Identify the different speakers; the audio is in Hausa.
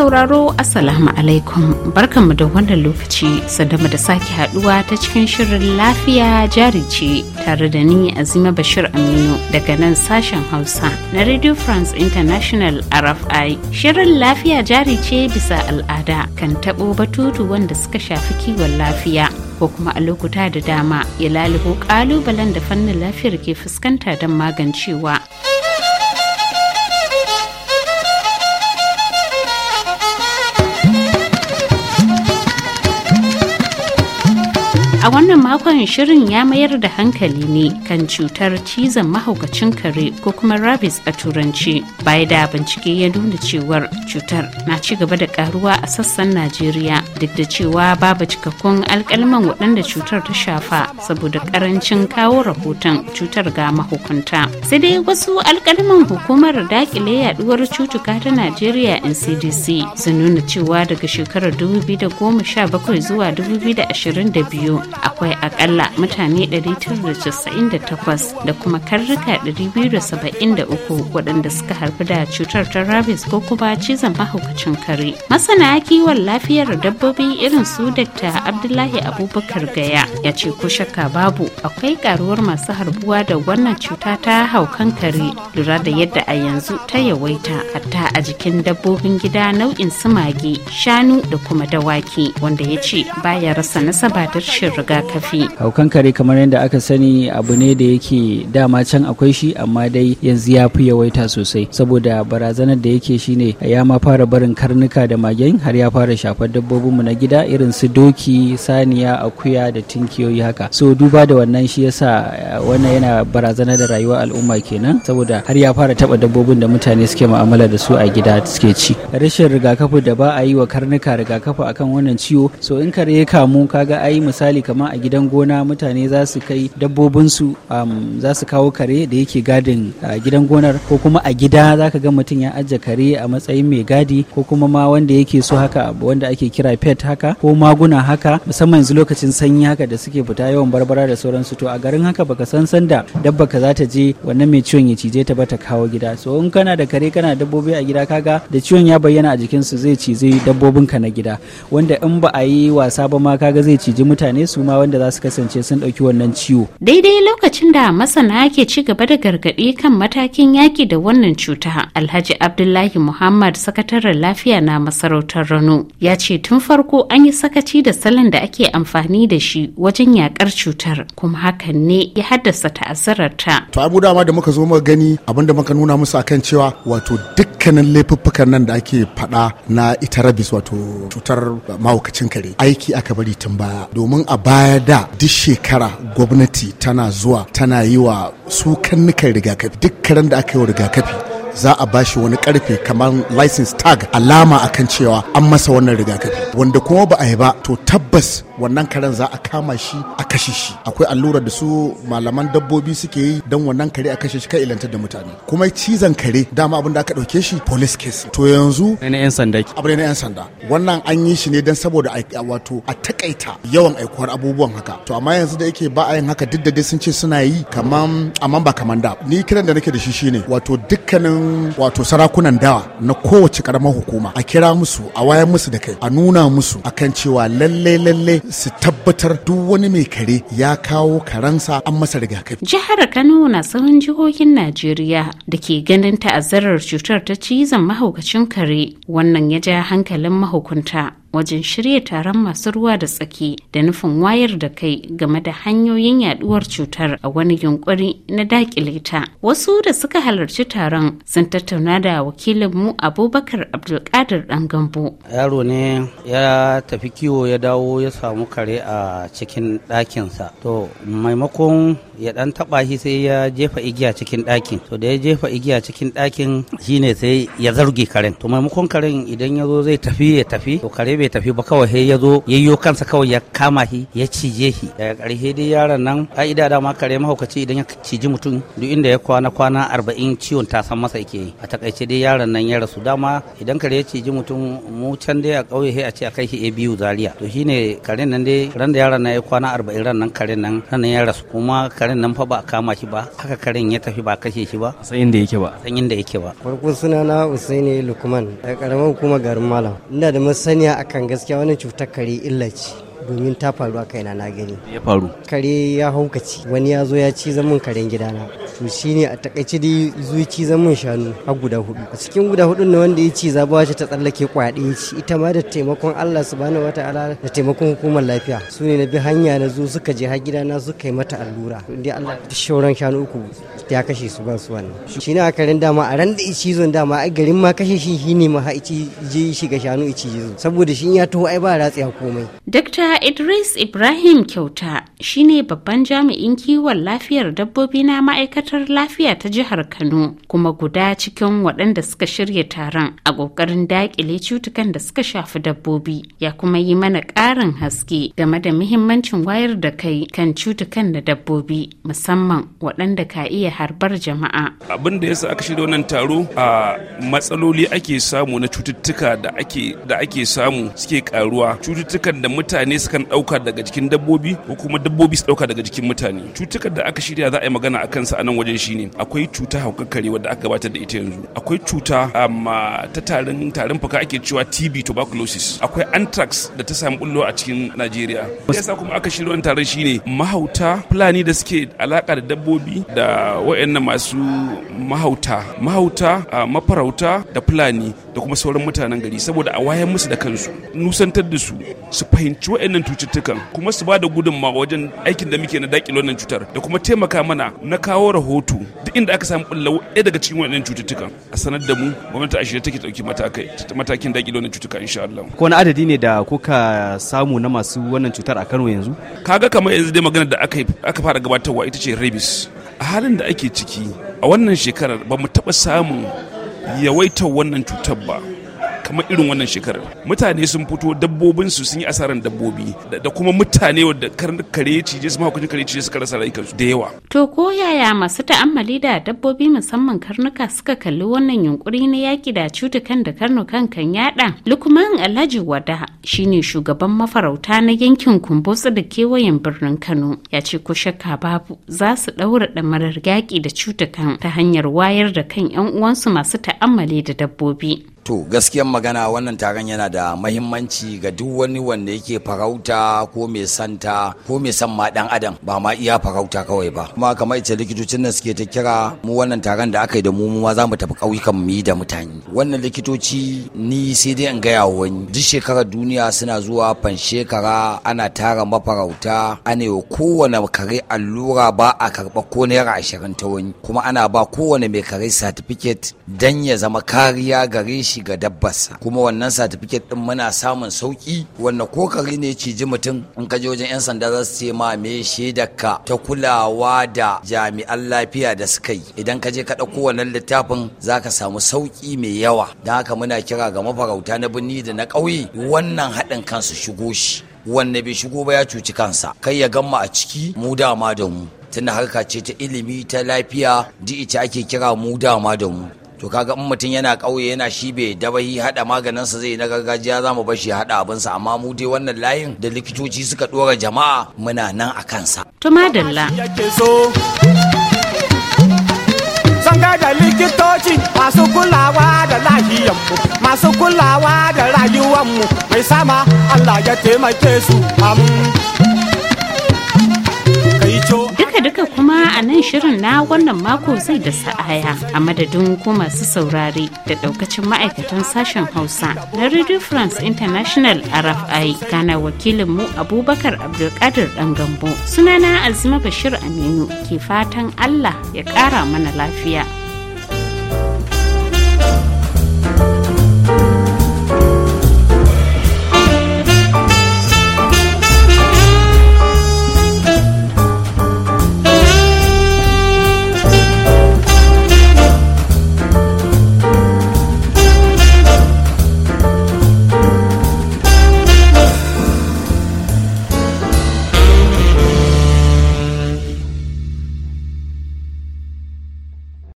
Speaker 1: sauraro Assalamu alaikum barkanmu da wannan lokaci sadama da sake haduwa ta cikin shirin lafiya jari ce tare da ni Azima Bashir Aminu daga nan sashen Hausa na Radio France International RFI. Shirin lafiya jari ce bisa al'ada kan tabo batutu wanda suka shafi kiwon lafiya ko kuma a lokuta da dama ya lalubo kalubalen da fannin lafiyar ke fuskanta don magancewa. maimakon shirin ya mayar da hankali ne kan cutar cizon mahaukacin kare ko kuma rabis a turanci baya da bincike ya nuna cewar cutar na ci gaba da karuwa a sassan najeriya duk da cewa babu cikakkun alkalman waɗanda cutar ta shafa saboda karancin kawo rahoton cutar ga mahukunta sai dai wasu alkalman hukumar dakile yaduwar cutuka ta najeriya ncdc sun nuna cewa daga shekarar 2017 zuwa 2022 akwai akalla mutane 998 da kuma karnuka 273 waɗanda suka harbi da cutar ta rabis ko kuma cizon mahaukacin kare. Masana kiwon lafiyar dabbobi irin su Dr. Abdullahi Abubakar Gaya ya ce ko shakka babu akwai karuwar masu harbuwa da wannan cuta ta haukan kare lura da yadda a yanzu ta yawaita hatta a jikin dabbobin gida nau'in su mage, shanu da kuma dawaki wanda ya ce baya rasa nasaba da rashin rigakafi. kare
Speaker 2: haukan kare kamar yadda aka sani abu ne da yake dama can akwai shi amma dai yanzu ya fi yawaita sosai saboda barazanar da yake shine ya ma fara barin karnuka da magen har ya fara shafar dabbobin mu na gida irin su doki saniya akuya da tinkiyoyi haka so duba da wannan shi yasa eh, wannan yana barazana da rayuwar al'umma kenan saboda har ya fara taba dabbobin da mutane suke mu'amala da su a gida suke ci rashin rigakafi da ba a yi wa karnuka rigakafi akan wannan ciwo so in kare ya kamu kaga ai misali kamar a gidan gona mutane za su kai dabbobinsu za su kawo kare da yake gadin gidan gonar ko kuma a gida za ka ga mutum ya ajiye kare a matsayin mai gadi ko kuma ma wanda yake so haka wanda ake kira pet haka ko maguna haka musamman yanzu lokacin sanyi haka da suke fita yawan barbara da sauransu to a garin haka baka san sanda dabba ka za ta je wannan mai ciwon ya cije ta ba ta kawo gida so in kana da kare kana dabbobi a gida kaga da ciwon ya bayyana a jikinsu zai dabbobin ka na gida wanda in ba a yi wasa ba ma kaga zai cije mutane su ma wanda za su su kasance sun ɗauki wannan ciwo.
Speaker 1: Daidai lokacin da masana ke ci gaba da gargaɗi kan matakin yaƙi da wannan cuta, Alhaji Abdullahi Muhammad sakataren lafiya na masarautar Rano ya ce tun farko an yi sakaci da salon da ake amfani da shi wajen yaƙar cutar kuma hakan ne ya haddasa ta'azzarar ta. To abu dama
Speaker 3: da muka zo muka gani abin da muka nuna musu akan cewa wato dukkanin laifuffukan nan da ake faɗa na ita rabis wato cutar mahaukacin kare aiki aka bari tun baya domin a baya da duk shekara gwamnati tana zuwa tana yi wa su kannukan rigakafi duk karen da aka yi wa rigakafi za a bashi wani karfe kamar license tag alama akan cewa an masa wannan rigakafi wanda kuma ba a yi ba to tabbas wannan karen za a kama shi a kashe shi akwai allurar da su malaman dabbobi suke yi don wannan kare a kashe shi kai ilantar da mutane kuma cizon kare dama abin da aka dauke shi police case to yanzu na yan sanda abu na yan sanda wannan an yi shi ne don saboda wato a takaita yawan aikuwar abubuwan haka to amma yanzu da yake ba a yin haka duk da dai sun ce suna yi kaman amma ba kaman da ni kiran da nake da shi shine wato dukkanin wato sarakunan dawa na kowace karamar hukuma a kira musu a waya musu da kai a nuna musu akan cewa lalle lalle su tabbatar duk wani mai kare ya kawo karansa an masa rigakafi.
Speaker 1: Jihar Kano na tsawon jihohin Najeriya da ke ganin ta'azzarar cutar ta cizon mahaukacin kare wannan ya ja hankalin mahukunta wajen shirya taron masu ruwa da tsaki da nufin wayar da kai game da hanyoyin yaduwar cutar a wani yunkuri na dakile ta wasu da suka halarci taron sun tattauna da wakilin mu abubakar abdulkadir dan gambo
Speaker 2: yaro ne ya tafi kiwo ya dawo ya samu kare a cikin ɗakinsa to maimakon ya dan taba shi sai ya jefa igiya cikin ɗakin to da ya jefa igiya cikin ɗakin shine sai ya zarge karen to maimakon karen idan ya zo zai tafi ya tafi to kare bai tafi ba kawai sai ya zo yayyo kansa kawai ya kama shi ya cije shi daga ƙarshe dai yaron nan da dama kare mahaukaci idan ya ciji mutum duk inda ya kwana kwana arba'in ciwon ta san masa yake yi a takaice dai yaron nan ya rasu dama idan kare ya ciji mutum mu can dai a ƙauye sai a ce a kai shi a biyu zaria to shine karen nan dai ran da yaron nan ya kwana arba'in ran nan karen nan ran ya rasu kuma karen nan fa ba a kama shi ba haka karen ya tafi ba kashe shi ba san inda yake ba san inda yake ba farko suna na Usaini Lukman da karaman kuma garin Malam ina da masaniya akan gaskiya wannan cutar kare illa ce domin ta faru a kaina na gani ya faru kare ya haukaci wani ya zo ya ci zaman karen gidana to shine a takaice dai zuci zaman shanu a guda hudu a cikin guda hudun na wanda ya ci zabawa ce ta tsallake kwaɗe ci ita ma da taimakon Allah subhanahu wataala da taimakon hukumar lafiya su ne na bi hanya na zo suka je har gida na suka yi mata allura inda Allah ta shauran shanu uku ya kashe su ba su wannan shi ne aka dama a ran da icizon dama a garin ma kashe shi shi ne ma ici je shiga shanu icizo saboda shi ya taho ai ba ratsiya komai
Speaker 1: Dr. Idris Ibrahim Kyauta shine babban jami'in kiwon lafiyar dabbobi na ma'aikatar lafiya ta jihar Kano kuma guda cikin waɗanda suka shirya taron a ƙoƙarin daƙile cutukan da suka shafi dabbobi ya kuma yi mana ƙarin haske game da muhimmancin wayar da kai kan cutukan da dabbobi musamman waɗanda ka iya harbar
Speaker 4: jama'a. Abin da yasa aka shirya wannan taro a matsaloli ake samu na cututtuka da ake da ake samu suke karuwa cututtukan da mutane sukan ɗauka daga cikin dabbobi ko kuma dabbobi su ɗauka daga jikin mutane cutukan da aka shirya za a yi magana a kansa a nan wajen shine akwai cuta haukakkare wadda aka gabatar da ita yanzu akwai cuta amma um, ta tarin tarin fuka ake cewa TB tuberculosis akwai anthrax da ta samu bullo a cikin Najeriya yasa kuma aka shirya wannan taron shine mahauta fulani da suke alaka da dabbobi da wayannan masu mahauta mahauta uh, mafarauta da fulani da kuma sauran mutanen gari saboda a wayan musu da kansu nusantar da su su fahimci wayannan cututtukan kuma su ba da gudunmawa wajen wannan aikin da muke na daƙile wannan cutar da kuma taimaka mana na kawo rahoto duk inda aka samu ɓullawo ɗaya daga cikin wannan cututtuka a sanar da mu gwamnati a shirye take ɗauki matakin daƙile wannan cutuka insha Allah.
Speaker 2: Ko wani adadi ne da kuka samu na masu wannan cutar a Kano yanzu?
Speaker 4: Kaga kamar yanzu dai magana da aka fara gabatarwa ita ce rabies. A halin da ake ciki a wannan shekarar ba mu taɓa samun yawaitar wannan cutar ba kamar irin wannan shekarar mutane sun fito dabbobin su sun yi asaran dabbobi da kuma mutane wadda kare cije su mahaukacin kare cije suka rasa rayukansu da yawa
Speaker 1: to ko yaya masu ta'ammali da dabbobi musamman karnuka suka kalli wannan yunkuri na yaki da cutukan da karnukan kan yada lukman alhaji wada shine shugaban mafarauta na yankin kumbotsu da kewayen birnin kano ya ce ko shakka babu za su daura ɗamarar yaki da cutukan ta hanyar wayar da kan yan uwansu masu ta'ammali da dabbobi
Speaker 5: to gaskiyan magana wannan taron yana da mahimmanci ga duk wani wanda yake farauta ko mai santa ko mai san ma dan adam ba ma iya farauta kawai ba kuma kamar ita likitocin nan suke ta kira mu wannan taron da aka yi da mu mu ma za mu tafi ƙauyukan mu yi da mutane wannan likitoci ni sai dai in gaya wa wani duk shekarar duniya suna zuwa fan shekara ana tara mafarauta ana yi kowane kare allura ba a karɓa ko naira ashirin ta wani kuma ana ba kowane mai kare satifiket dan ya zama kariya gare shi shi ga dabbarsa kuma wannan satifiket din muna samun sauki wannan kokari ne ciji mutum in ka je wajen yan sanda za su ce ma me shaidarka ta kulawa da jami'an lafiya da suka yi idan ka je ka dauko wannan littafin za ka samu sauki mai yawa don haka muna kira ga mafarauta na birni da na ƙauye wannan haɗin kansu shigo shi wanne bai shigo ba ya cuci kansa kai ya gamma a ciki mu dama da mu tana harka ce ta ilimi ta lafiya di ita ake kira mu dama da mu to kaga in mutum yana ƙauye yana shi bai dabahi haɗa maganin sa zai na gargajiya za mu bashi haɗa abin sa amma mu dai wannan layin da likitoci suka ɗora jama'a muna nan a kansa
Speaker 1: to madalla
Speaker 2: sanga da likitoci masu kulawa da lahiyanmu masu kulawa da rayuwanmu mai sama Allah ya taimake su amin
Speaker 1: haka kuma a nan shirin na wannan mako zai da sa'aya a madadin ko masu saurare da daukacin ma'aikatan sashen hausa na radio france international rfi kana mu abubakar abdulkadir dan gambo sunana azuma bashir aminu ke fatan allah ya kara mana lafiya